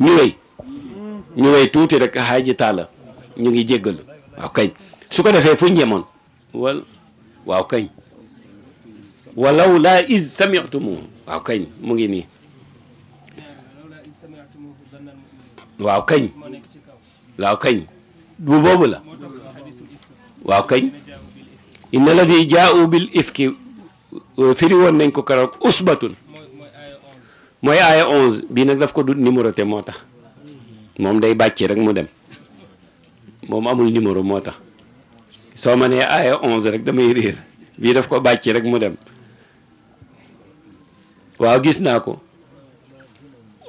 ñu wéy ñu wéy tuuti rek xaaji taala ñu ngi jéggalu waaw kañ su ko defee fuñ yemoon wal waaw kañ walaw laa iz waaw kañ mu ngi nii waaw kañ waaw kañ bu boobu la waaw kañ bil ifki firi woon nañ ko keroog usbatun mooy aaya 11 bii nag daf ko du te moo tax moom day bàcce rek mu dem moom amul numéro moo tax soo ma nee aaya 11 rek damay réer bii daf ko bàcce rek mu dem waaw gis naa ko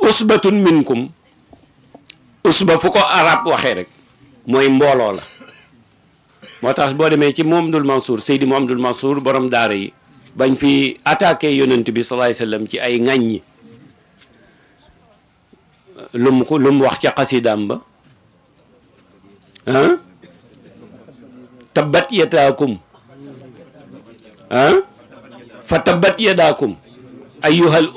usbatun minkum usba fu ko arab waxee rek mooy mbooloo la moo tax boo demee ci Mouhamadoul Mansour Seydi Mouhamadoul Mansour borom daara yi bañ fi attaqué yonent bi sallallahu alayhi wasallam ci ay ŋàññi lu mu wax ca xasidaam ba ah tabbat yataakum ah fa tabbat yadaakum ayyuhal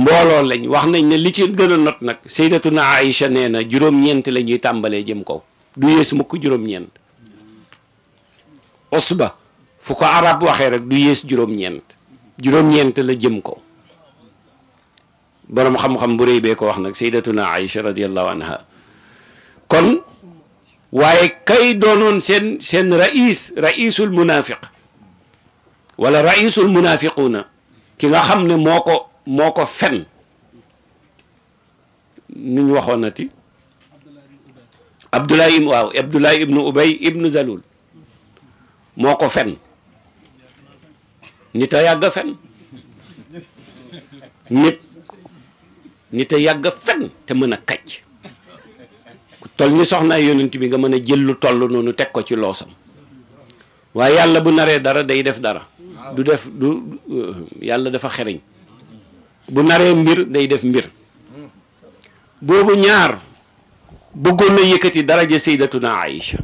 mbooloo lañ wax nañ ne li ci gën not nag sayyidatuna na nee na juróom-ñeent la ñuy tàmbalee jëm kaw du yées mukk juróom-ñeent usba fu ko arab waxee rek du yées juróom-ñeent juróom-ñeent la jëm kaw boroom xam-xam bu rëy bee ko wax nag sayyidatuna Aïcha radiyallahu anha kon waaye kay doonoon seen seen raïs raïsul munafiq wala raïsul munafiquuna ki nga xam ne moo ko moo ko fen nu ñu waxoon nati Abdoulaye waaw Abdoulaye ibnu Ubay Zalul moo ko fen nit a yàgg fen nit a yàgg fen te mën a kacc ku toll ni soxna yonent bi nga mën a jël lu toll noonu teg ko ci loosam waaye yàlla bu naree dara day def dara du def du yàlla dafa xereñ bu naree mbir day def mbir boobu ñaar bëggoon na yëkkati daraja sayyidatuna Aïcha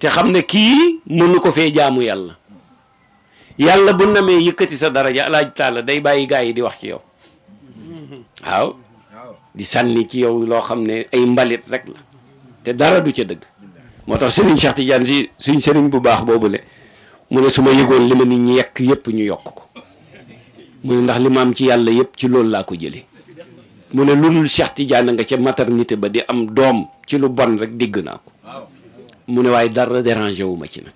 te xam ne kii mënu ko fee jaamu yàlla yàlla bu namee yëkkati sa daraja alaaj taala day bàyyi gaa yi di wax ci yow waaw di sànni ci yow loo xam ne ay mbalit rek la te dara du ca dëgg moo tax Serigne Cheikh Tidiane si suñ Serigne bu baax boobu boobule mu ne su ma yëgoon li ma nit ñi yekk yëpp ñu yokk ko mu ne ndax li ma am ci yàlla yëpp ci loolu laa ko jëlee mu ne lu dul Cheikh Tidiane nga ca maternité ba di am doom ci lu bon rek dégg naa ko mu ne waaye dara dérangé wu ma ci nag.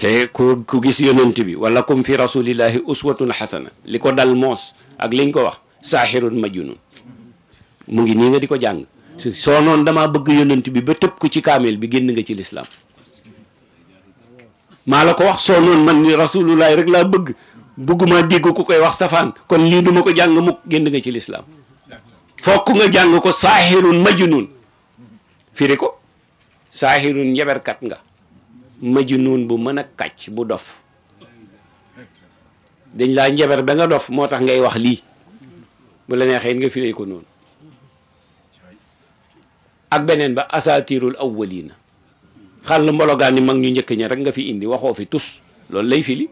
te ku ku gis yonent bi wala kum fi rasulillahi uswatun xasana li ko dal moos ak liñ ko wax saaxirun majunun mu ngi nii nga di ko jàng soo noonu damaa bëgg yonent bi ba tëb ko ci kaamil bi génn nga ci lislaam maa la ko wax soo noonu man ni rasulullahi rek laa bëgg bëgguma dégg ku koy wax safaan kon lii du ko jàng mukk génn nga ci lislaam fokk nga jàng ko saaxirun majunun firi ko saaxirun njaberkat nga majnuun bu mën a kàcc bu dof dañ laa njabar ba nga dof moo tax ngay wax lii bu la neexee nga firee ko noonu ak beneen ba asaatirul awwalina xàll mbologaan ni mag ñu njëkk ña rek nga fi indi waxoo fi tus loolu lay firi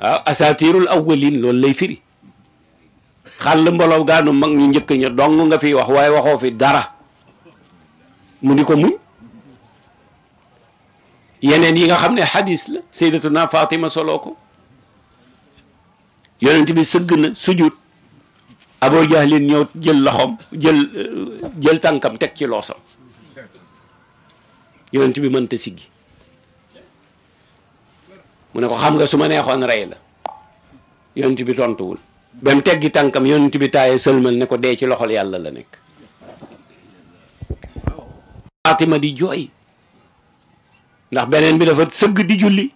waaw asaatirul awwalin loolu lay firi xàll mbologaanu mag ñu njëkk ña dong nga fi wax waaye waxoo fi dara mu ni ko muñ yeneen yi nga xam ne xadis la sayyidatuna Fatima soloo ko yonent bi sëgg na sujud Abu Jahlin ñëw jël loxoom jël euh, jël tànkam teg ci loosam yonent bi mënta siggi mu ne ko xam nga su ma neexoon rey la yonent bi tontuwul ba mu teggi tànkam yonent bi taaye sëlmal ne ko dee ci loxol yàlla la nekk Fatima di jooy ndax beneen bi dafa sëgg di julli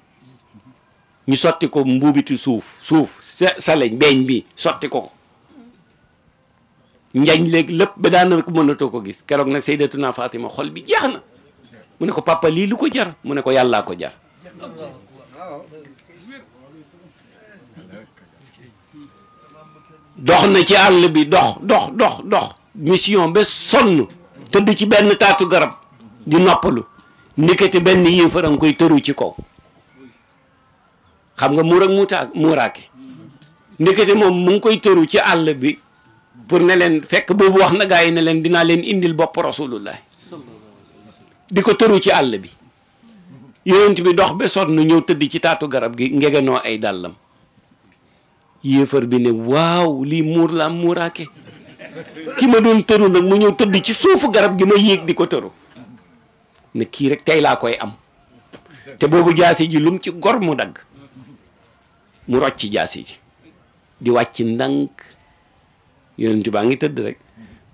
ñu sotti ko mbuubiti suuf suuf saleñ beeñ bi sotti ko ko njañ léegi lépp ba daana ko mënatoo ko gis keroog nag Sayyidatuna Fatima xol bi jeex na mu ne ko papa lii lu ko jar mu ne ko yàllaa ko jar dox na ci àll bi dox dox dox dox mission ba sonn tëdd ci benn taatu garab di noppalu ndikete benn yéefar a nga koy tëru ci kaw xam nga muur ak muutaa muuraake ndikete moom mu ngi koy tëru ci àll bi pour ne leen fekk boobu wax na gaa yi ne leen dinaa leen indil bopp rasulullah di ko tëru ci àll bi yonent bi dox ba sonn ñëw tëdd ci taatu garab gi ngegenoo ay dàllam yéefar bi ne waaw lii muur laa muuraake ki ma doon tëru nag mu ñëw tëdd ci suufu garab gi ma yéeg di ko tëru ne kii rek tey laa koy am te boobu jaasi ji lum ci gor mu dagg mu rocc jaasi ji di wàcc ndànk yonent baa ngi tëdd rek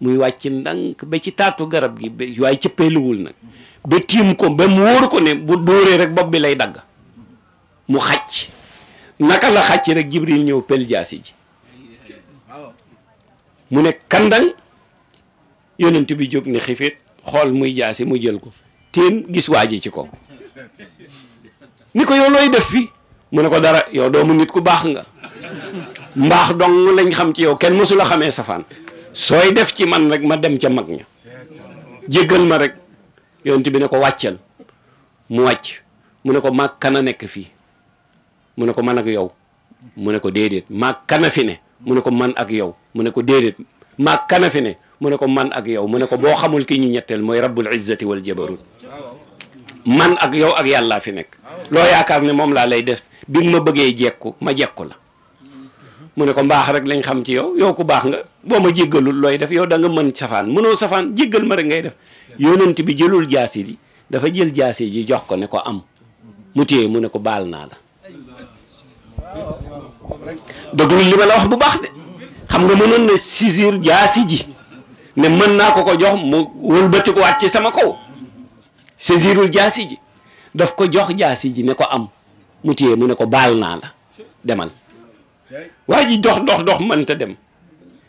muy wàcc ndànk ba ci taatu garab gi ba waaye cëppeeluwul nag ba tiim ko ba mu wóor ko ne bu dóoree rek bopp bi lay dagg mu xacc naka la xàcc rek jibril ñëw pel jaasi ji mu ne kandang yonent bi jóg ne xifit xool muy jaasi mu jël ko téen gis waa ji ci kaw ni ko yow looy def fii mu ne ko dara yow doomu nit ku baax nga mbaax dong lañ xam ci yow kenn mësula xamee safaan sooy def ci man rek ma dem ca mag ña jéggal ma rek yonent bi ne ko wàccal mu wàcc mu ne ko maag kana nekk fii mu ne ko man ak yow mu ne ko déedéet maag kana fi ne mu ne ko man ak yow mu ne ko déedéet maag kana mu ne ko man ak yow mu ne ko boo xamul ki ñu ñetteel mooy rabbul izzati wal jabarut man ak yow ak yàllaa fi nekk ah, loo yaakaar ne moom laa lay def bi ma bëggee jekku ma jekku la mu ne ko mbaax rek lañ xam ci yow yow ku baax nga boo ma jéggalul looy def yow danga mën safaan mënoo safaan jéggal ma rek ngay def yonent bi jëlul jaasi ji dafa jël jaasi ji jox ko ne ko am mu téye mu ne ko baal naa la déglu li ma la wax bu baax de xam nga mënoon na saisir jaasi ji ne mën naa ko ko jox mu wëlbati ko waat ci sama kaw saisirul jaasi ji daf ko jox jaasi ji ne ko am mu téye mu ne ko baal naa la demal waa ji dox dox dox manta dem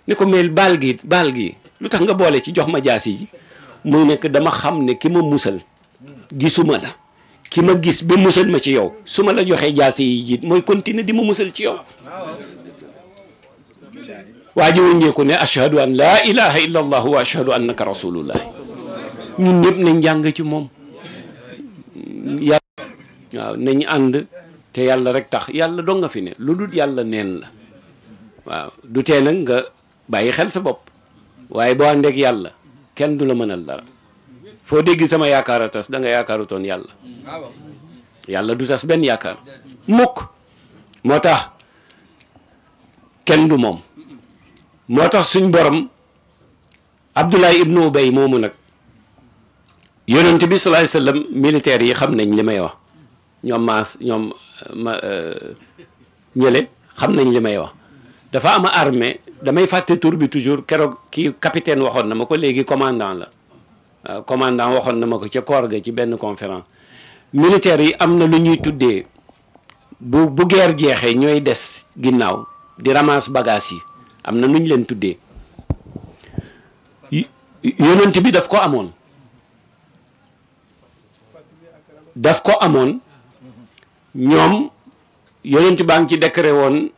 ne ko mel baal gi baal gi lu tax nga boole ci jox ma jaasi ji muy nekk dama xam ne ki ma musal gisuma la ki ma gis ba musal ma ci yow su ma la joxee jaasi yi jiit mooy continuer di ma musal ci yow waa ji wëññeeku ne ashhadu an laa ilaha illa allah wa ashhadu annaka rasulullah ñun ñëpp nañ njàng ci moom yàlla waaw nañ ànd te yàlla rek tax yàlla dong nga fi ne lu dul yàlla neen la waaw du tee nag nga bàyyi xel sa bopp waaye boo àndeek yàlla kenn du la mënal dara foo dégg sama yaakaar a tas da nga yaakaarutoon yàlla yàlla du tas benn yaakaar mukk moo tax kenn du moom moo tax suñ borom Abdullah ibnu Ubay moomu nag yonent bi sallallahu alayhi wasallam militaires yi xam nañ li may wax ñoom maas ñoom euh, ma euh, ñële xam nañ li may wax dafa am armée damay fàtte tur bi toujours keroog kii capitaine waxoon na ma ko léegi commandant la euh, commandant waxoon na ma ko ca koor ga ci benn conférence militaires yi am na lu ñuy tuddee bu bu guerre jeexee ñooy des ginnaaw di ramasse bagage yi am na lu ñu leen tuddee yonent bi daf ko amoon daf ko amoon ñoom yonent baa ngi ci décret woon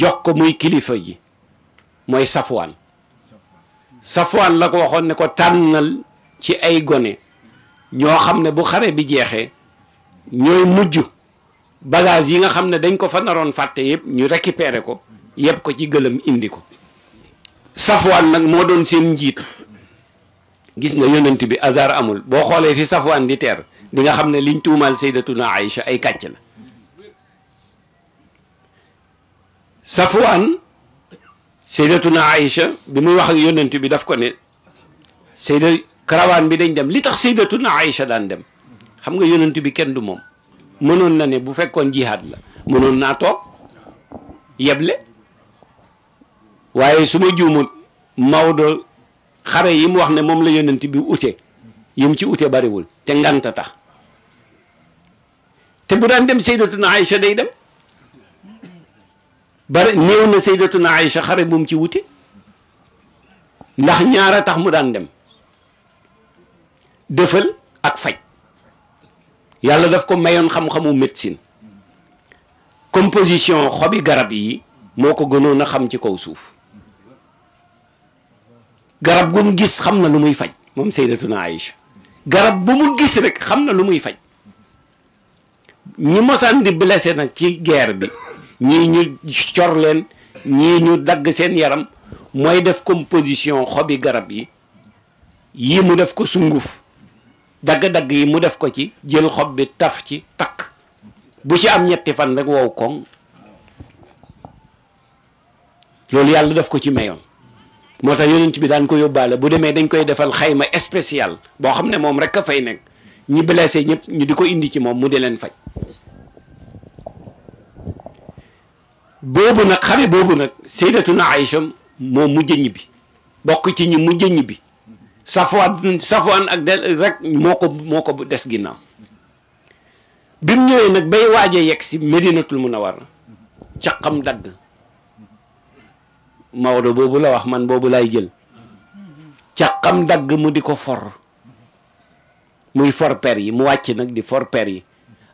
jox ko muy kilifa ji mooy safwaan safwaan la ko waxoon ne ko tànnal ci ay gone ñoo xam ne bu xare bi jeexee ñooy mujj bagage yi nga xam ne dañ ko fa naroon fàtte yëpp ñu récupérer ko yëpp ko ci gëlëm indi ko safwaan nag moo doon seen njiit gis nga yonent bi hasard amul boo xoolee fi safwaan di teer di nga xam ne liñ tuumaal saydatuna Aïcha ay kàcc la Safwaan saydatuna Aïcha bi muy wax ak yonent bi daf ko ne sayda karawaan bi dañ dem li tax saydatuna Aïcha daan dem xam nga yonent bi kenn du moom mënoon na ne bu fekkoon jihaad la mënoon naa toog yeble waaye su ma juumut Maodo xare yi mu wax ne moom la yonent bi ute yim ci ute bariwul te nganta tax te bu daan dem saydatuna Aïcha day dem bari néew na saydatuna Aïcha xare bu mu ci wuti ndax a tax mu daan dem dëfal ak faj yàlla daf ko mayoon xam-xamu médecine composition xobi garab yi moo ko gënoon a xam ci kaw suuf garab gu mu gis xam na lu muy faj moom saydatuna Aïcha garab bu mu gis rek xam na lu muy faj ñi mosaan di blessé nag ci guerre bi ñii ñu cor leen ñii ñu dagg seen yaram mooy def composition xobi garab yi yii mu def ko sunguf dagg-dagg yi mu def ko ci jël xob bi taf ci takk bu ci am ñetti fan rek wow koŋ loolu yàlla def ko ci mayoon moo tax yonent bi daan ko yóbbaale bu demee dañ koy defal xayma spécial boo xam ne moom rek a fay nekk ñi blessé ñëpp ñu di ko indi ci moom mu di leen faj boobu nag xare boobu nag na ay Aïcha moom mujj ñibbi bokk ci ñi mujj ñibbi Safwan ak del rek moo ko moo ko des ginnaaw bi mu ñëwee nag bay waaje yegg si Medinatul Munawwara caqam dagg Maodo boobu la wax man boobu laay jël caqam dagg mu di ko for muy forper yi mu wàcc nag di forper yi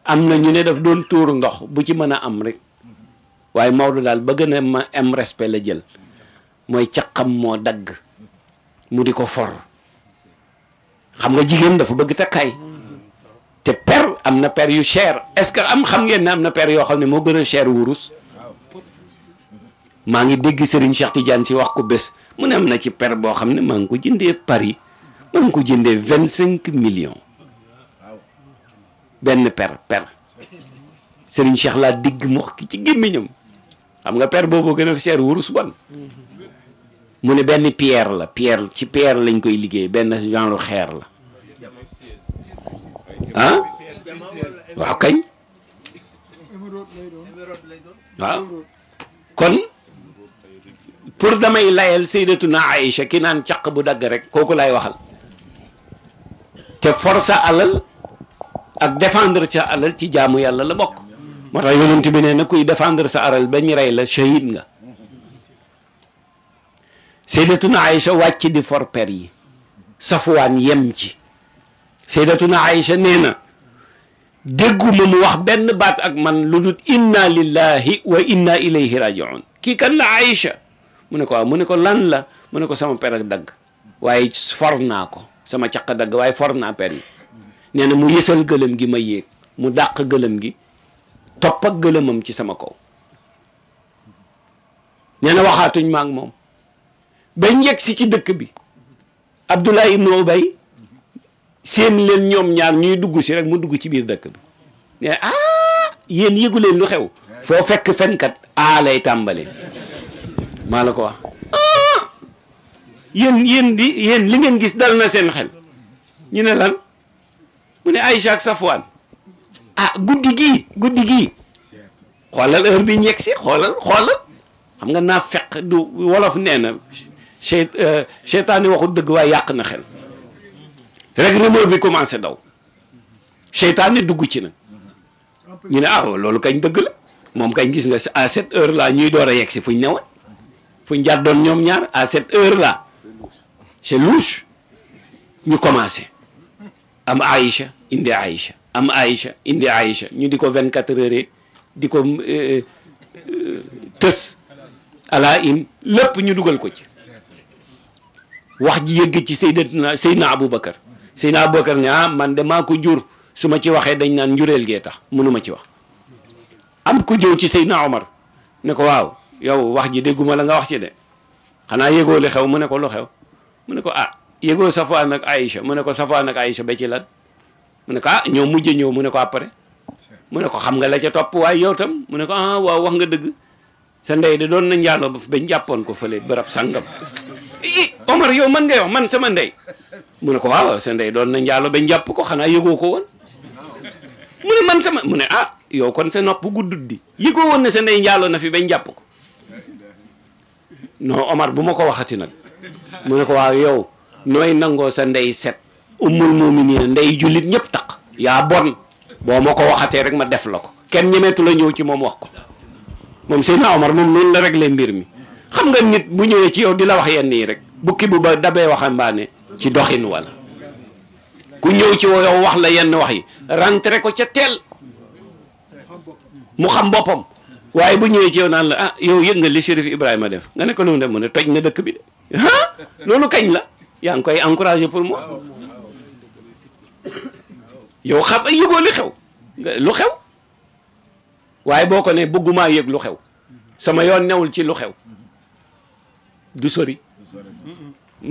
am na ñu ne daf doon tuur ndox bu ci mën a am rek waaye Maodo daal ba gën a ma am respect la jël mooy caq caqam moo dagg mu di ko for xam nga jigéen dafa bëgg takkaay te per am na per yu cher est-ce que am xam ngeen ne am na per yoo xam ne moo gën a cher wurus maa ngi dégg Serigne Cheikh Tidiane si wax ko bés mu ne am na ci per boo xam ne maa ngi ko jëndee Paris maa ngi ko jëndee vingt cinq million benn per per Serigne Cheikh laa digg mox ki ci gémmiñam xam nga per boobu gën a seer wurus bon mu ne benn pierre la pierre ci pierre lañ koy liggéey benn genre xeer la ah waaw kañ waaw kon pour damay layal na Aïcha ki naan caq bu dagg rek kooku lay waxal te forsa alal ak défendre sa alal ci jaamu yàlla la bokk moo tax yonent bi nee na kuy défendre sa alal ba ñu rey la shahid nga Sayyidatuna Aïcha wàcc di for per yi Safwaan yem ci Sayyidatuna Aïcha nee na dégguma mu wax benn baat ak man lu dut inna lillahi wa inna ilayhi rajiun kii kan la Aïcha mu ne ko mu ne ko lan la mu ne ko sama per ak dagg waaye for naa ko sama caq dagg waaye for naa per yi nee na mu yësal gëlëm gi ma yéeg mu dàq gëlëm gi topp ak gëlëmam ci sama kaw nee waxaatuñ ma moom bañ yegg si ci dëkk bi Abdoulaye ibnu Ubay séen leen ñoom ñaar ñuy dugg si rek mu dugg ci biir dëkk bi nee ah yéen yëgu leen lu xew foo fekk fenkat aa lay tàmbale maa la ko wax ah, yéen yéen li yéen li ngeen gis dal na seen xel ñu ne lan mu ne ay ak Safwaan ah guddi gii guddi gii xoolal heure bi ñegg si xoolal xoolal xam nga naa fekk du wolof nee na chet euh, cheytaani waxul dëgg waaye yàq na xel rek rumeur bi commencé daw cheytaani dugg ci nag ñu ne aw ah, loolu kañ dëgg la moom kañ gis nga à cette heure laa ñuy door a yegg si fuñ newoon fuñ jàddoon ñoom ñaar à cette heure laa c'est louche ñu commencé am Aïcha indi Aïcha am Aïcha indi ñu di ko 24 heures di ko euh, euh, tës ala in lépp ñu dugal ko ci wax ji yëgg ci Seydatuna Seydna Aboubacar Seydna Aboubacar ne ah man de maa ko jur su ma ci waxee dañ naan njureel gee tax mënuma ci wax am ku jëw ci Seydna Omar ne ko waaw yow wax ji dégguma la nga wax ci de xanaa yëgoo li xew mu ne ko lu xew mu ne ko ah yëgoo safwaan ak Aïcha mu ne ko safwaan ak Aïcha ba ci lan mu ne ko ah ñoo mujj ñëw mu ne ko après mu ne ko xam nga la ca topp waaye yow tam mu ne ko ah waaw wax nga dëgg sa ndey de doon na njaaloo ba bañ ko fële barab sangam i yow man ngay wax man sama mu ne ko waaw sa doon na njaaloo bañ jàpp ko xanaa yëgoo ko woon mu mu ne ah yow kon sa nopp guddut di yëgoo woon ne sa ndey njaaloo nafi fi bañ jàpp ko non Omar bu ma ko waxati nag mu ne ko waaw yow nooy nangoo sa ndey set ummul muminina ndey jullit ñëpp taq yaa bon boo ma ko waxatee rek ma def la ko kenn ñemeetu la ñëw ci moom wax ko moom Seydina Omar moom noonu la réglé mbir mi xam nga nit bu ñëwee ci yow di la wax yenn yi rek bukki bu ba dabee waxambaane ci doxin wala ku ñëw ci yow wax la yenn wax yi rentré ko ca teel mu xam boppam waaye bu ñëwee ci yow naan la ah yow yëg nga li Chérif Ibrahima def nga nekk ko noonu def mu ne toj na dëkk bi de la yaa ngi koy encouragé pour mu yow xam ay yëgoo li xew lu xew waaye boo ko nee bëggumaa yëg lu xew sama yoon newul ci lu xew du sori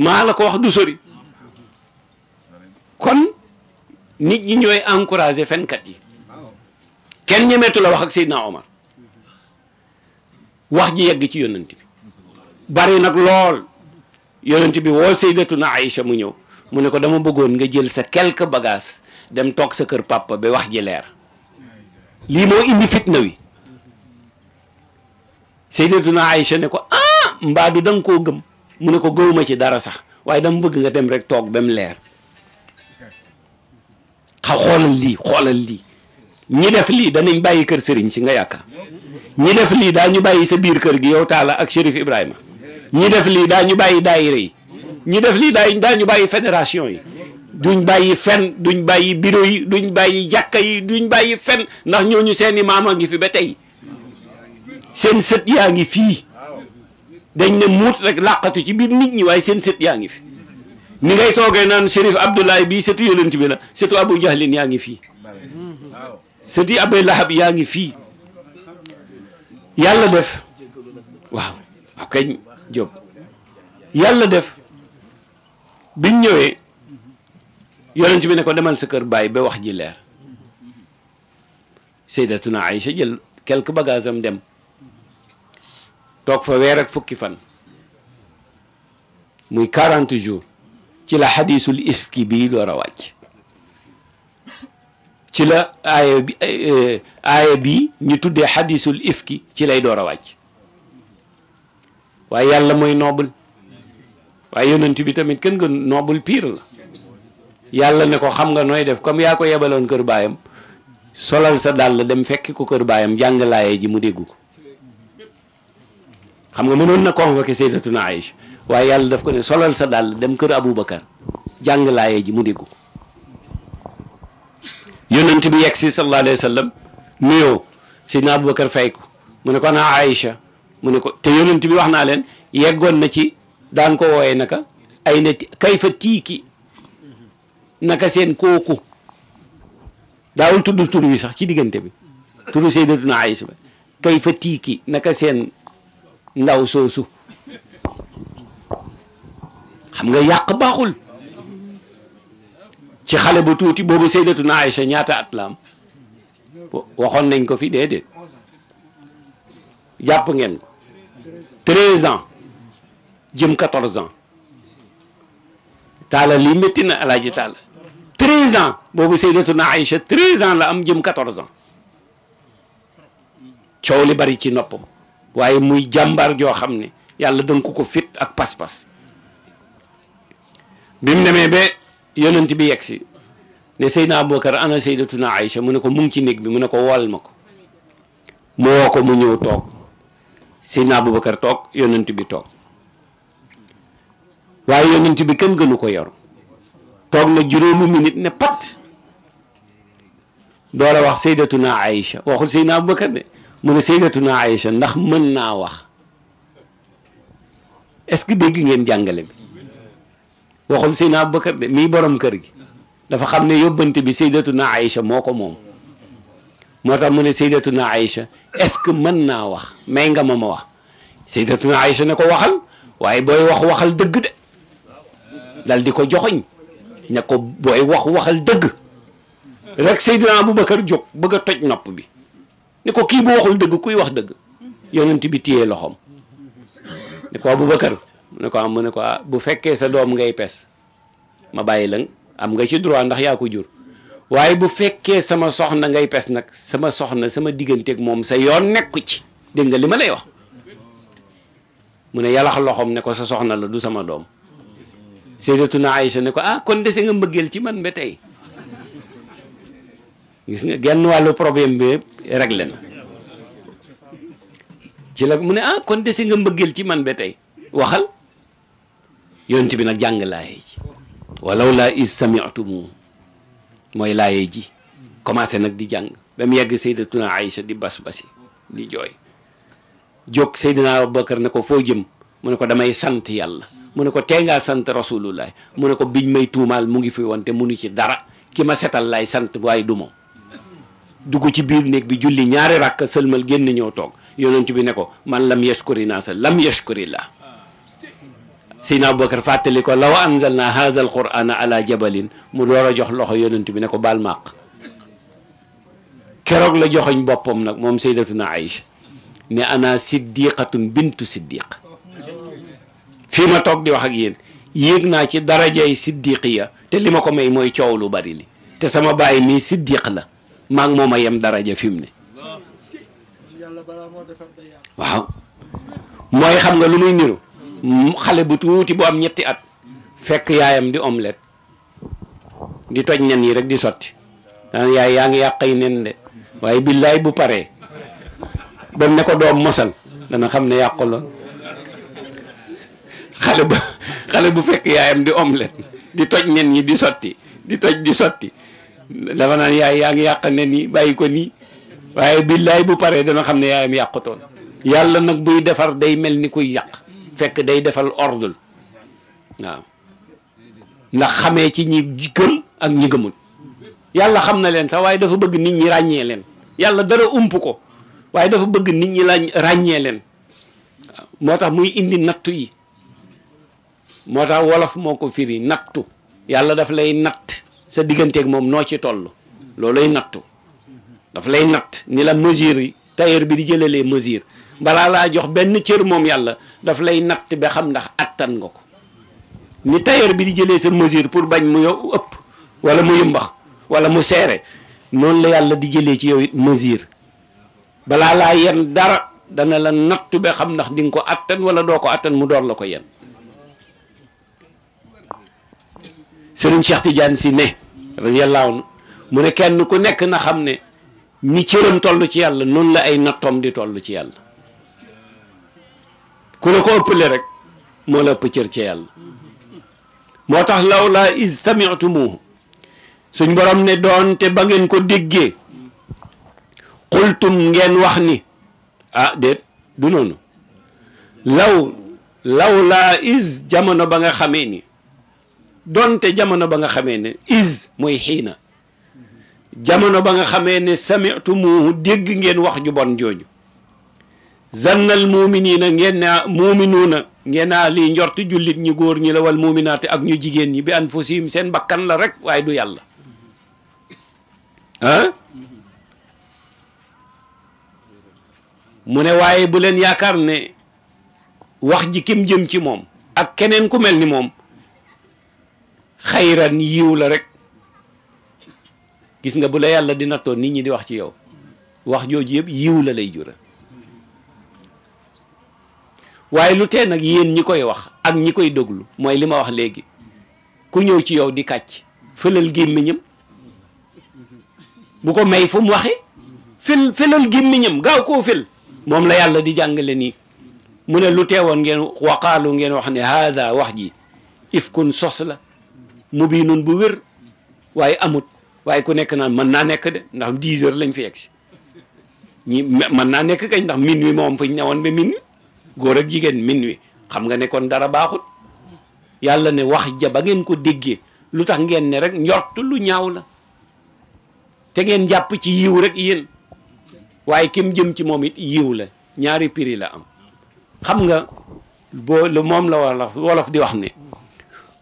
maa la ko wax du sori kon nit ñi ñooy encouragé fenkat yi kenn ñemeetu la wax ak Seydina Omar wax ji yegg ci yonent bi bari nag lool yonent bi woo Seydatuna Aïcha mu ñëw mu ne ko dama bëggoon nga jël sa quelque bagaas dem toog sa kër pàppa ba wax ji leer lii moo indi fitna wi Seydatuna Aïcha ne ko ah mbaadu da nga koo gëm mu ne ko gëwuma ci dara sax waaye dam bëgg nga dem rek toog ba mu leer xa xoolal lii xoolal lii ñi def lii danañ bàyyi kër sëriñ si nga yàkka ñi def lii daa ñu bàyyi sa biir kër gi yow taala ak Chérif Ibrahima ñi def lii daa ñu bàyyi daayira yi ñi def lii daa daa ñu bàyyi fédération yi duñ bàyyi fen duñ bàyyi bureau yi duñ bàyyi jàkka yi duñ bàyyi fen ndax ñooñu seeni i maama ngi fi ba tey seen sët yaa ngi fii dañ ne muut rek làqatu ci biir nit ñi waaye seen sët yaa ngi fi ni ngay toogee naan Chérif Abdoulaye bii sëtu yonent bi la sëtu Abu Jahlin yaa ngi fii sëti Abu Lahab yaa ngi fii yàlla def waaw Diop yàlla def biñ ñëwee yonent bi ne ko demal sa kër bàyyi ba wax ji leer Seydatuna Aïcha jël quelques bagages am dem toog fa weer fukki fan muy 40 jours ci la xadiisul ifki bii door a wàcc ci la aaya bi eh, aaya bi ñu tuddee xadiisul ifki ci lay door a wàcc waaye yàlla mooy noble waa yonent bi tamit kenn nga noble pire yàlla ne ko xam nga nooy def comme yaa ko yebaloon kër baayam solal sa dàll dem fekki ko kër baayam jàng laaye mu dégg ko xam nga mënoon na convoquer Sayyidatuna Aïcha waaye yàlla def ko ne solal sa dàll dem kër Aboubacar jàng laaye ji mu dégg ko yonent bi yegg si sallallahu alayhi wa sallam nuyoo Seydina Aboubacar fay ko mu ne ko ana Aïcha mu ne ko te yonent bi wax naa leen yeggoon na ci daan ko wooyee naka ay na kay fa tiiki naka seen kooku daawul tudd tur wi sax ci diggante bi turu Sayyidatuna Aïsa ba kay fa tiiki naka seen ndaw soosu xam nga yàq baaxul ci xale bu tuuti boobu Sayyidatuna Aïsa ñaata at la am waxoon nañ ko fi déedéet jàpp ngeen ko treize ans jëm quatorze ans taala lii métti na alaaji taala treize ans boobu sayyidatuna Aïcha treize ans la am jëm quatorze ans coow li bari ci noppam waaye muy jàmbar joo xam ni yàlla dënku ko fit ak pas-pas bi mu demee ba yonent bi yegg si ne Seydina Aboubacar ana sayyidatuna Aïcha mu ne ko mu ngi ci néeg bi mu ne ko wool ma ko mu woo ko mu ñëw toog Seydina Aboubacar toog yonent bi toog waaye yonent bi kenn gënu ko yor toog na juróomi minute ne pat door a wax Seydatuna Aïcha waxul Seydina Aboubacar de mu ne Seydatuna Aïcha ndax mën naa wax est-ce que dégg ngeen jàngale bi waxul Seydina Aboubacar de mii borom kër gi dafa xam ne yóbbante bi Seydatuna Aïcha moo ko moom moo tax mu ne saydatuna Aïcha est-ce que mën naa wax may nga ma ma wax saydatuna Aïcha ne ko waxal waaye booy wax waxal dëgg de dal di ko joxoñ ne ko booy wax waxal dëgg rek Seydina Aboubacar jóg bëgg a toj nopp bi ne ko kii bu waxul dëgg kuy wax dëgg yonent bi téye loxoom ne ko Aboubacar mu ne ko am mu ne ko ah bu fekkee sa doom ngay pes ma bàyyi la am nga ci droit ndax yaa ko jur waaye bu fekkee sama soxna ngay pes nag sama soxna sama digganteeg moom sa yoon nekku ci dégg nga li ma lay wax mu ne yalax loxoom ne ko sa soxna la du sama doom Sayyidatuna Aïcha ne ko ah kon dese nga mbëggeel ci man ba tey gis nga genn wàllu problème bi réglé ci la mu ne ah kon dese nga mbëggeel ci man ba tey waxal yonent bi nag jàng laaye ji walaw laa is sami'tumu mooy laaye ji commencé nag di jàng ba mu yegg sayyidatuna Aïcha di bas basi di jooy jóg sayyidina Abubakar ne ko foo jëm mu ne ko damay sant yàlla mu ne ko tee ngaa sant rasulullah mu ne ko biñ may tuumaal mu ngi fi woon te munu ci dara ki ma setal laay sant waaye du moom dugg ci biir néeg bi julli ñaari rakk sëlmal génn ñëw toog yonent bi ne ko man lam yashkuri naa sa lam yashkuri laa Seydina Aboubacar fàttali ko law anzalna hadha alqur'ana ala jabalin mu door a jox loxo yonent bi ne ko baal màq keroog la joxoñ boppam nag moom Seydatuna Aïcha ne ana siddiqatun bintu siddiq fii ma toog di wax ak yéen yéeg naa ci darajay siddiqiya te li ma ko may mooy coow lu bari li te sama baay mii siddiq la maa ngi moom a yem daraja fi mu ne xam nga lu muy niru xale bu tuuti bu am ñetti at fekk yaayam di omelette di toj nen yi rek di sotti daan yaay yaa ngi yàqay nen de waaye billaay bu paree ba mu ko doom mosal dana xam ne yàquloon xale bu xale bu fekk yaayam di omelette di toj nen yi di sotti di toj di sotti dafa naan yaay yaa ngi yàq nen yi bàyyi ko nii waaye billaay bu paree dana xam ne yaayam yàqutoon yàlla nag buy defar day mel ni kuy yàq fekk day defal ordre waaw ndax xamee ci ñi gëm ak ñi gëmul yàlla xam na leen sax waaye dafa bëgg nit ñi ràññee leen yàlla dara ump ko waaye dafa bëgg nit ñi lañ ràññee leen moo tax muy indi nattu yi moo tax wolof moo ko firi nattu yàlla daf lay natt sa digganteek moom noo ci toll loolay nattu daf lay natt ni la mesure yi bi di jëlee les balaa laa jox benn cër moom yàlla daf lay natt ba xam ndax attan nga ko ni tailleur bi di jëlee sa mesure pour bañ mu yow ëpp wala mu yumbax wala mu seere noonu la yàlla di jëlee ci yow it mesure balaa laa yen dara dana la nattu ba xam ndax di ko attan wala doo ko attan mu door la ko yen Serigne Cheikh Tidiane si ne radiyallahu anhu mu ne kenn ku nekk na xam ne ni cëram toll ci yàlla noonu la ay nattoom di toll ci yàlla ku la ko ëppale rek moo la ëpp cër ci yàlla moo tax law laa is sami'tumuhu suñ borom ne doonte ba ngeen ko déggee xultum ngeen wax ni ah déet du noonu law law laa is jamono ba nga xamee ni doonte jamono ba nga xamee ne is mooy xiina jamono ba nga xamee ne sami'tumuhu dégg ngeen wax ju bon jooju zannal muminina ngeen naa muminuuna ngeen naa lii njorti jullit ñu góor ñi la wal muminaati ak ñu jigéen ñi bi an fusihim seen bakkan la rek waaye du yàlla ah mu ne waaye bu leen yaakaar ne wax ji kim jëm ci moom ak keneen ku mel ni moom xayran yiw la rek gis nga bu la yàlla di nattoo nit ñi di wax ci yow wax jooju yëpp yiw la lay jura waaye lu tee nag yéen ñi koy wax ak ñi koy déglu mooy li ma wax léegi ku ñëw ci yow di kàcc fëlal gémmiñam bu ko may fu mu waxe fël fëlal gémmiñam gaaw koo fël moom la yàlla di jàngale nii mu ne lu teewoon ngeen waqaalu ngeen wax ne haada wax ji ifkun sos la mu bii nun bu wér waaye amut waaye ku nekk naan mën naa nekk de ndax 10 heures lañ fi yegg si mën naa nekk kañ ndax min wi moom fa ñu newoon min wi góor ak jigéen min wi xam nga ne kon dara baaxut yàlla ne wax ja ba ngeen ko déggee lu tax ngeen ne rek njort lu ñaaw la te ngeen jàpp ci yiw rek yéen waaye kim jëm ci moom it yiw la ñaari prix la am xam nga boo lu moom la wolof wolof di wax ni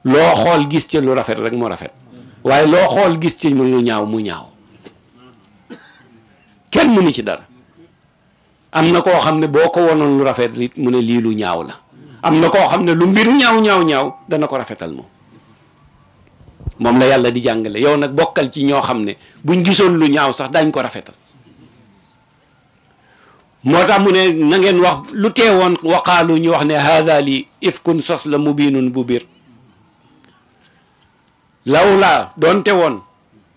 loo xool gis ci lu rafet rek mu rafet waaye loo xool gis ci lu ñaaw mu ñaaw kenn mënu ci dara am na koo xam ne boo ko wonoon lu rafet it mu ne lii lu ñaaw la am na koo xam ne lu mbir ñaaw ñaaw ñaaw dana ko rafetal moom moom la yàlla di jàngale yow nag bokkal ci ñoo xam ne buñ gisoon lu ñaaw sax dañ ko rafetal moo tax mu ne na ngeen wax lu teewoon waqaalu ñu wax ne haada li ifkun sos la mu biinu bu biir law laa doonte woon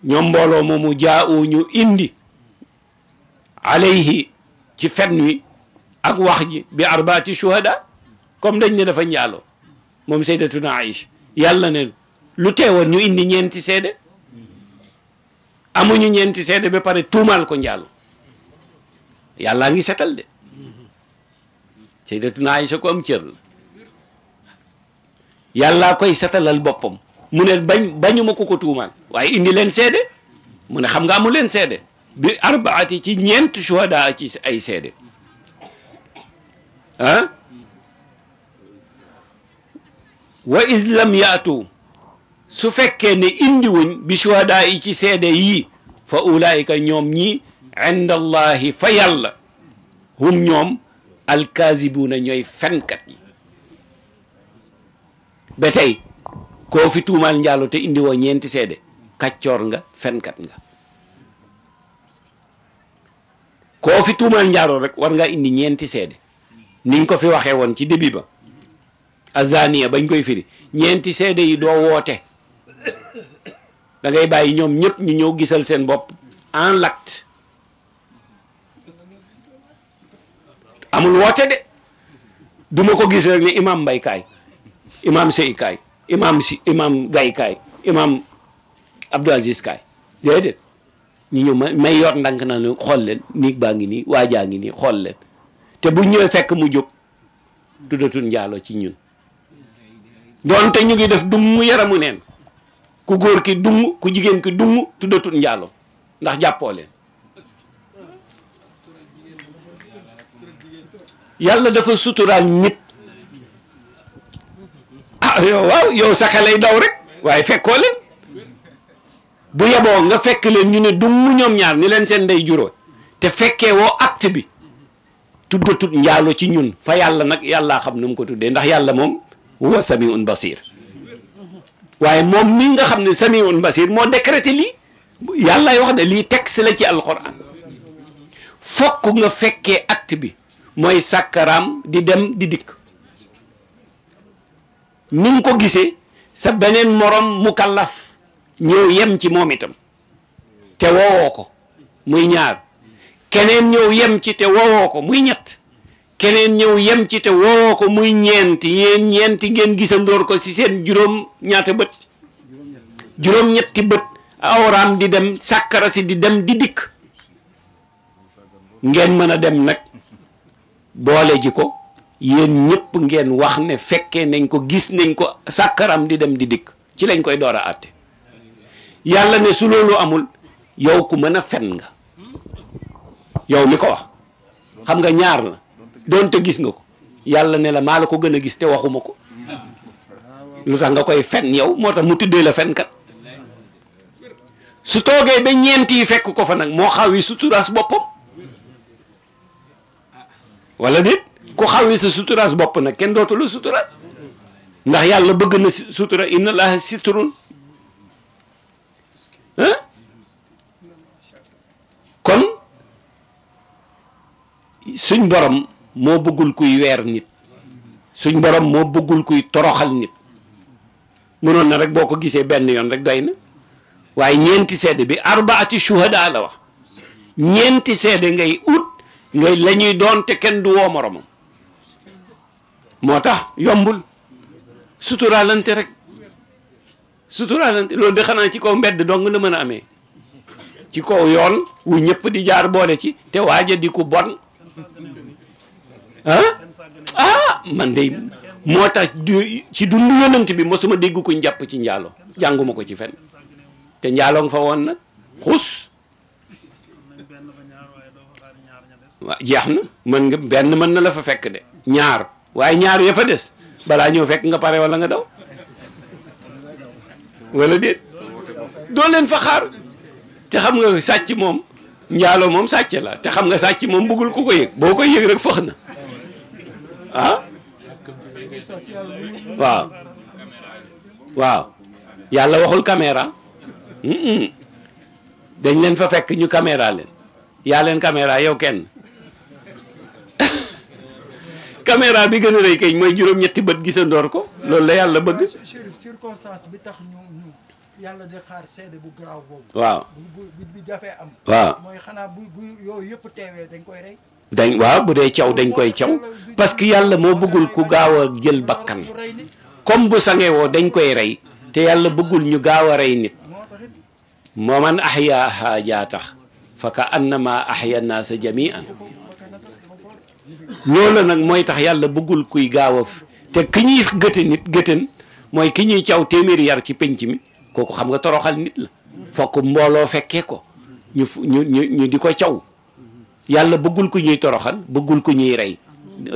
ñoom mbooloo mu jaa ñu indi alayhi ci fen wi ak wax ji bi arbaati shuhada comme dañ ne dafa njaaloo moom saydatuna Aïcha yàlla ne lu teewoon ñu indi ñeenti seede amuñu ñeenti seede ba pare tuumaal ko njaaloo yàllaa ngi setal de saydatuna Aïcha ko am cër la yàllaa koy setalal boppam mu ne bañ bañu ko ko tuumaal waaye indi leen seede mu ne xam nga amu leen seede bi arbaati ci ñeent shuhada ci ay seede ah wa is lam yaatu su fekkee ne indiwuñ bi shuhada yi ci seede yii fa ulaayika ñoom ñi inda allahi fa yàlla hum ñoom alkaasibuuna ñooy fenkat yi ba fi tuumaal njaalo te indi woo ñeenti seede kaccoor nga fenkat nga koo fi tuumaal njaaroo rek war nga indi ñeenti seede niñ ko fi waxee woon ci début ba azania bañ koy firi ñeenti seede yi doo woote dangay ngay bàyyi ñoom ñëpp ñu ñëw gisal seen bopp en l'acte amul woote de duma ko gis rek ne imam mbay kaay imam sey kaay imam si imam gay kaay imam abdou aziz kaay ñu ñëw ma may yor ndànk na leen xool leen niig baa ngi nii waajaa ngi nii xool leen te bu ñëwee fekk mu jóg tuddatul njaalo ci ñun doonte ñu ngi def mu yaramu neen ku góor ki dungu ku jigéen ki dungu tuddatul njaalo ndax jàppoo leen yàlla dafa suturaal nit ah yow waaw yow sa xelay daw rek waaye fekkoo leen bu yeboo nga fekk leen ñu ne du mu ñoom ñaar ni leen seen ndey juróo te fekkee woo acte bi tuddatut njaalo ci ñun fa yàlla nag yàllaa xam nu mu ko tuddee ndax yàlla moom huwa samiun basir waaye moom mi nga xam ne samiun basir moo décrété lii yàllaay wax de lii texte la ci alquran fokk nga fekkee acte bi mooy sàkkaraam di dem di dikk nu nga ko gisee sa beneen morom mukallaf ñëw yem ci moom itam te woowoo ko muy ñaar keneen ñëw yem ci te woowoo ko muy ñett keneen ñëw yem ci te woowoo ko muy ñeenti yéen ñeenti ngeen gisandoor ko ci seen juróom ñaata bët juróom-ñetti bët awraam di dem sàkkara si di dem di dikk ngeen mën a dem nag boole ji ko yéen ñëpp ngeen wax ne fekkee nañ ko gis nañ ko sàkkaram di dem di dikk ci lañ koy door a àtte yàlla ne su loolu amul yow ku mën a fen nga yow mi ko wax xam nga ñaar la doonte gis nga ko yàlla ne la maa la ko gën a gis te waxuma ko lu tax nga koy fen yow moo tax mu tuddee la fenkat su toogee ba ñeent yi fekk ko fa nag moo xaw yi suturaas boppam wala déet xawee sa suturaas bopp nag kenn dootu la suturaas ndax yàlla bëgg na sutura in laaha sitrun kon suñ borom moo bëggul kuy weer nit suñ borom moo bëggul kuy toroxal nit mënoon na rek boo ko gisee benn yoon rek doy na waaye ñeenti sedd bi arbaati shuhada la wax ñeenti seede ngay ut ngay la ñuy doon kenn du woo moromam moo tax yombul suturaalante rek suturaalante loolu de xanaa ci kaw mbedd dong la mën a amee ci kaw yoon wu ñëpp di jaar boole ci te waaja di ku bon ah? ah man de moo tax ci dundu yonent bi mosuma dégg ko njàpp ci njaalo jànguma ko ci fen te njaaloo fa woon nag xus jeex na mën nga benn mën na la fa fekk de ñaar waaye ñaar ya fa des balaa ñëw fekk nga pare wala nga daw wala déet doo leen fa xaar te xam nga sàcc moom njaalo moom sàcc la te xam nga sàcc moom bëggul ku ko yëg boo koy yëg rek fox na ah? waaw yàlla waxul caméra dañ leen fa fekk ñu caméra leen yaa leen caméra yow kenn caméra bi gën a rëy kañ mooy juróom-ñetti bët gisandoor ko loolu la yàlla bëgg yàlla di xaar bu garaaw boobu. waaw am. waaw mooy xanaa bu yëpp teewee dañ koy rey. dañ waaw bu dee caw dañ koy caw parce que yàlla moo bëggul ku gaaw jël bakkan comme bu sangewoo dañ koy rey te yàlla bëggul ñu gaaw a rey nit moo man ahyaahaa jaa tax fa ka annama ahya naasa jamian loolu nag mooy tax yàlla bëggul kuy gaaw te ki ñuy gëte nit gëten mooy ki ñuy caw téeméeri yar ci penc mi kooku xam nga toroxal nit la fokk mbooloo fekkee ko ñu di ko caw yàlla bëggul ku ñuy toroxal bëggul ku ñuy rey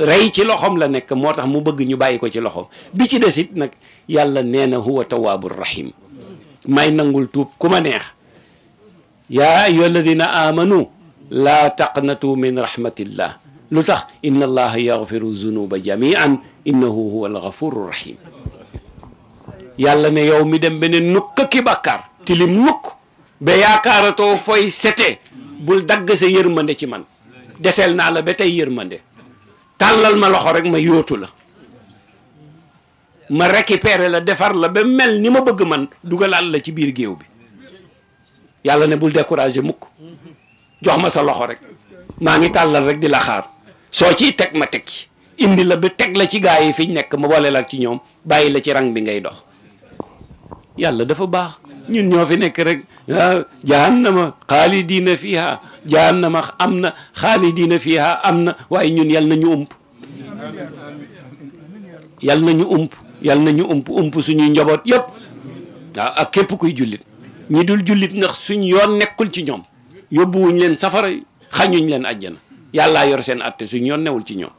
rey ci loxom la nekk moo tax mu bëgg ñu bàyyi ko ci loxoom bi ci desit nag yàlla nee na huwa tawaabu rahim may nangul tuub ku ma neex yaa ayyuha alladina amanu taq taqnatu min rahmatillah lu tax inna allaha yaghfiru zunuba jamian innahu huwa alghafuru rahim yàlla ne yow mi dem beneen nukk ki bàkkaar tilim nukk ba yaakaaratoo fooy sete bul dagg sa yërmande ci man deseel naa la ba tey yërmande tàllal ma loxo rek ma yóotu la ma récupérer la defar la ba mel ni ma bëgg man dugalaat la ci biir géew bi yàlla ne bul découragé mukk jox ma sa loxo rek maa ngi tàllal rek di la xaar soo ciy teg ma teg ci indi la ba teg la ci gaa yi fiñ nekk ma boole la ak ci ñoom bàyyi la ci ran bi ngay dox yàlla dafa baax ñun ñoo fi nekk rek ah jahannama xaalidiina fiha jahannama am na xaalidiina fiha am na waaye ñun yàlla nañu ump yàlla nañu ump yàlla nañu ump ump suñuy njaboot yëpp waaw ah, ak képp kuy jullit ñi dul jullit ndax suñ yoon nekkul ci ñoom yóbbuwuñ leen safara xañuñ leen àjjana yàlla yor seen atte suñ yoon newul ci ñoom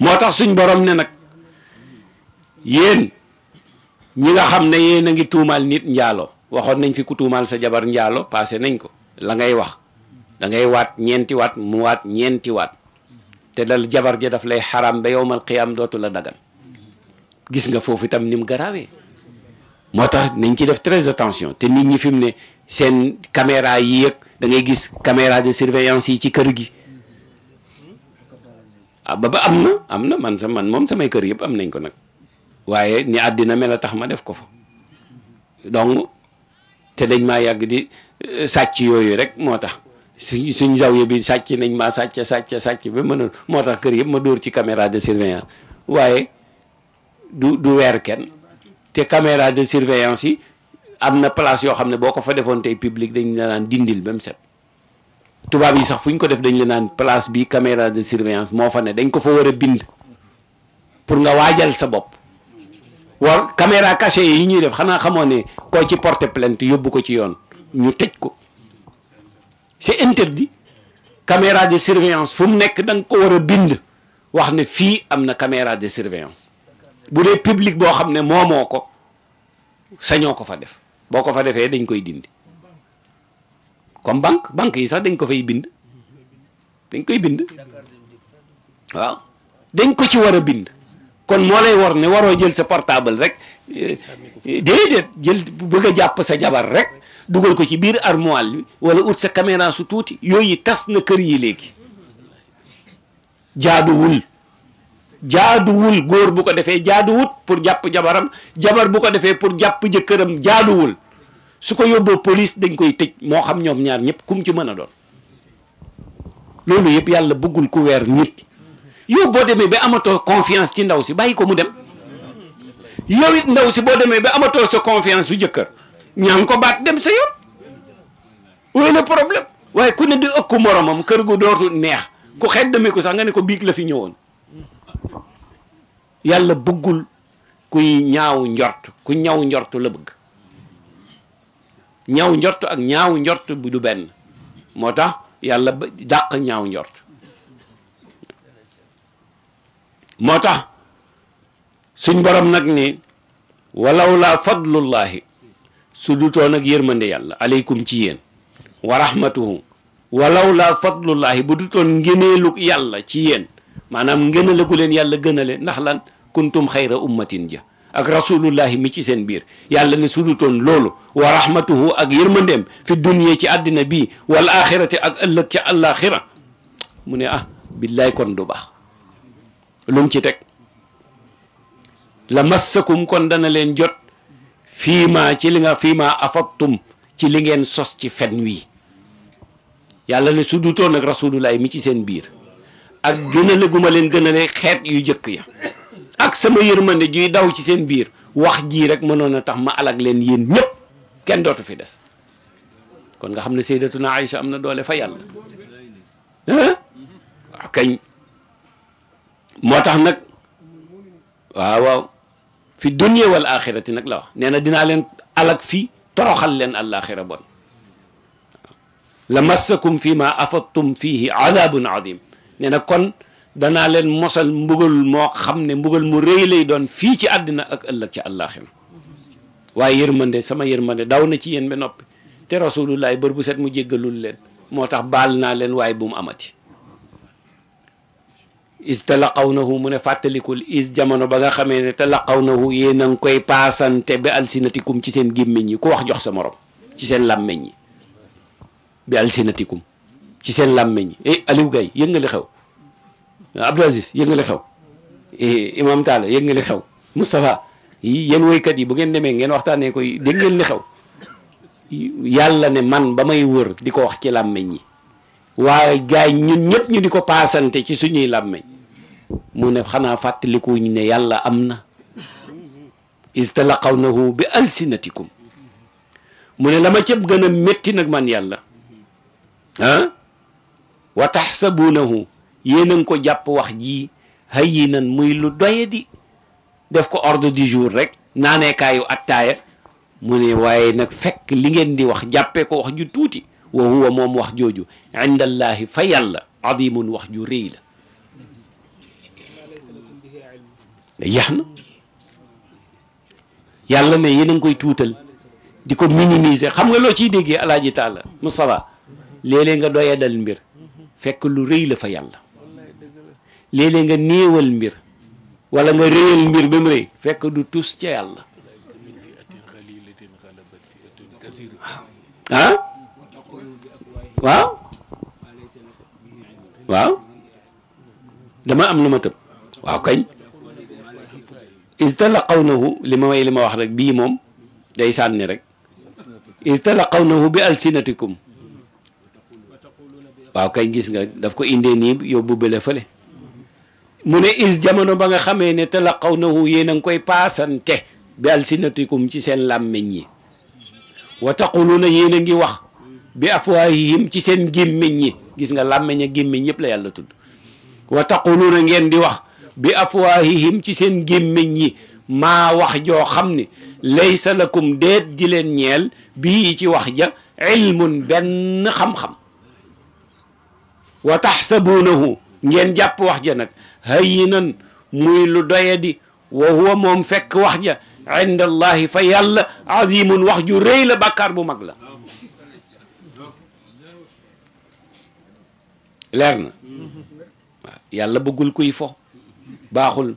moo tax suñ borom ne nag yéen ñi nga xam ne yéen a ngi tuumaal nit njaalo waxoon nañ fi ku tuumaal sa jabar njaalo passé nañ ko la ngay wax da ngay waat ñeenti waat mu waat ñeenti waat te dal jabar ja daf lay xaram ba yowmal qiyaam dootu la dagal gis nga foofu itam ni mu garaawee moo tax nañ ci def très te nit ñi fi mu ne seen caméra yi yëg da ngay gis caméra de surveillance yi ci kër gi ah ba ba am na am na man sa man moom samay kër yëpp am nañ ko nag waaye ni àddina mel a tax ma def ko fa donc te dañ maa yàgg di euh, sàcc yooyu rek moo tax suñ suñ zawiya bi sàcc nañ ma sàcc sàcc sàcc ba mën a moo tax kër yëpp ma dóor ci caméra de surveillance waaye du du weer kenn te caméra de surveillance yi am na place yoo xam ne boo ko fa defoon tey public dañ la naan dindil ba mu set tubaab yi sax fu ñu ko def dañ la naan place bii caméra de surveillance moo fa ne dañ ko fa war a bind pour nga waajal sa bopp wal caméra cachée yi ñuy def xanaa xamoo ne koo ci porter plainte yóbbu ko ci yoon ñu tëj ko c'est interdit caméra de surveillance fu mu nekk danga nga ko war a bind wax ne fii am na caméra de surveillance bu dee public boo xam ne moomoo ko sañoo ko fa def boo ko fa defee dañ koy dindi comme banque banque yi sax dañ ko fay bind dañ koy bind waaw dañ ko ci war a bind kon moo lay war ne waroo jël sa portable rek eh, déedéet jël bëgg a jàpp sa jabar rek dugal ko ci biir armoire bi wala ut sa caméra su tuuti yooyu tas na kër yi léegi jaaduwul jaaduwul góor bu ko defee jaaduwut pour jàpp jabaram jabar bu ko defee pour jàpp jëkkëram jaaduwul su ko yóbboo police dañ koy tëj moo xam ñoom ñaar ñëpp kum ci mën a doon loolu yëpp yàlla bëggul ku weer nit yow boo demee ba amatoo confiance ci ndaw si bàyyi ko mu dem yow it ndaw si boo demee ba amatoo sa confiance su jëkkër ñaa ngi ko baat dem sa yoon wooy le problème waaye ku ne di ëkk moromam kër gu dootu neex ku xet demee ko sax nga ne ko biig la fi ñëwoon yàlla bëggul kuy ñaaw njort ku ñaw njort la bëgg ñaw njort ak ñaaw njort bu du benn moo tax yàlla dàq ñaaw njort moo tax suñ borom nag ni walaw laa fadlullahi su dutoon ak yërmande yàlla aleykum ci yéen wa rahmatuhu walaw laa fadlullahi bu dutoon ngëneelu yàlla ci yéen maanaam ngënale gu leen yàlla gënale ndax lan kuntum xayra ummatin ja ak rasulullahi mi ci seen biir yàlla ne sudutoon loolu wa rahmatuhu ak yërmandeem fi dunya ci àddina bi wal axirati ak ëllëg ca àllaaxira mu ne ah billaay kon du baax lu mu ci teg la mas massakum kon dana leen jot fiima ci li nga fiima afadtum ci li ngeen sos ci fen wii yàlla ne su dutoon nag rasulullah mi ci seen biir ak gënale gu ma leen gënale xeet yu jëkk ya ak sama yërmande juy daw ci seen biir wax jii rek mënoon a tax ma alag leen yéen ñëpp kenn dootu fi des kon nga xam ne sayyidatuna Aïcha am na doole fa yàlla ah kañ moo tax nag waaw waaw fi dunya wal nag la wax nee na dinaa leen alak fii toroxal leen àllaaxira bon la massakum fi ma afattum fihi adabun adim nee na kon danaa leen mosal mbugal moo xam ne mbugal mu rëy lay doon fii ci àddina ak ëllëg ci àllaaxira waaye yërmande sama yërmande daw na ci yéen ba noppi te rasulullahi bër bu set mu jéggalul leen moo tax baal naa leen waaye bu mu amati is talaqawnahu mu ne fàttalikul is jamono ba nga xamee ne te talaqawnahu yéen a ngi koy paasante bi alsinatikum ci seen gémmiñ yi ku wax jox sa morom ci seen làmmeñ yi bi alsinatikum ci seen làmmeñ yi eh Aliou Gaye yëg nga li xew Abdou nga li xew eh, Imam Talla yëg nga li xew Moustapha yéen woykat yi bu ngeen demee ngeen waxtaanee koy dégg ngeen li xew yàlla ne man ba may wër di ko wax ci làmmeñ yi waaye gaay ñun ñëpp ñu di ko paasante ci suñuy làmmeñ mu ne xanaa fàttalikuñu ne yàlla am na istalaqawnahu bi alsinatikum mu ne la ma cëb gën a métti nag man yàlla ah wa taxsabuunahu yéen a ngi ko jàpp wax ji hayyinan muy lu doye di def ko ordre du jour rek naaneekaayu attaaya mu ne waaye nag fekk li ngeen di wax jàppee ko wax ju tuuti wa huwa moom wax jooju inda allahi fa yàlla adimun wax ju rëy la yax na yàlla ne yéen a koy tuutal di ko minimiser xam nga loo ciy déggee alaaji taala mu léeg-léeg nga doyadal mbir fekk lu rëy la fa yàlla léeg nga néewal mbir walla nga réyal mbir ba mu rëy fekk lu tus ca yàlla ah waaw dama am lu ma tëb waaw kañ istalaqawnahu li ma way li ma wax rek bii moom day sànni rek istalaqawnahu bi alsinatikum waaw kay gis nga daf ko indee nii yóbbu bële fële mu ne is jamono ba nga xamee ne xaw na talaqawnahu yéen a ngi koy paasante bi alsinatikum ci seen làmmeñ yi wa na yéen a ngi wax bi afwaahihim ci seen gémmiñ yi gis nga làmmiñ ak gémmiñ yëpp la yàlla tudd wa taquluna ngeen di wax bi afwaahihim ci seen gémmiñ yi maa wax joo xam ne laysa lakum déet di leen ñeel bii ci wax ja ilmun benn xam-xam wa taxsabuunahu ngeen jàpp wax ja nag hayyinan muy lu doye di wa huwa moom fekk wax ja inda allahi fa yàlla azimun wax ju rëy la bàkkaar bu mag la yàlla bëggul kuy fo baaxul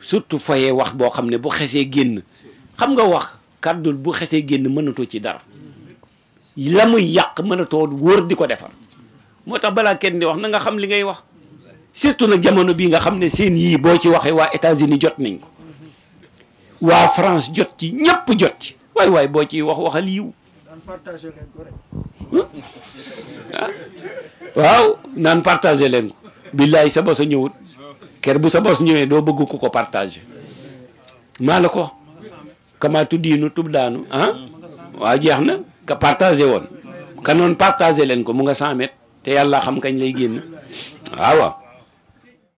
surtout foyee wax boo xam ne bu xesee génn xam nga wax kàddul bu xesee génn mënatoo ci dara la muy yàq mënatoo wóor di ko defar moo tax balaa kenn di wax na nga xam li ngay wax surtout nag jamono bii nga xam ne seen yii boo ci waxee waa États-Unis jot nañ ko waa France jot ci ñëpp jot ci waay waay boo ciy wax waxal yiw hmm? ah? waaw naan partagé leen ko billaay sa bosa ñëwut ker bu sa bos ñëwee doo bëgg ku ko partage maa la ko kamaatu diinu tub daanu ah waaw jeex na ka partagé woon kanoon partagé leen ko mu nga 100 te yàlla xam kañ lay génn waaw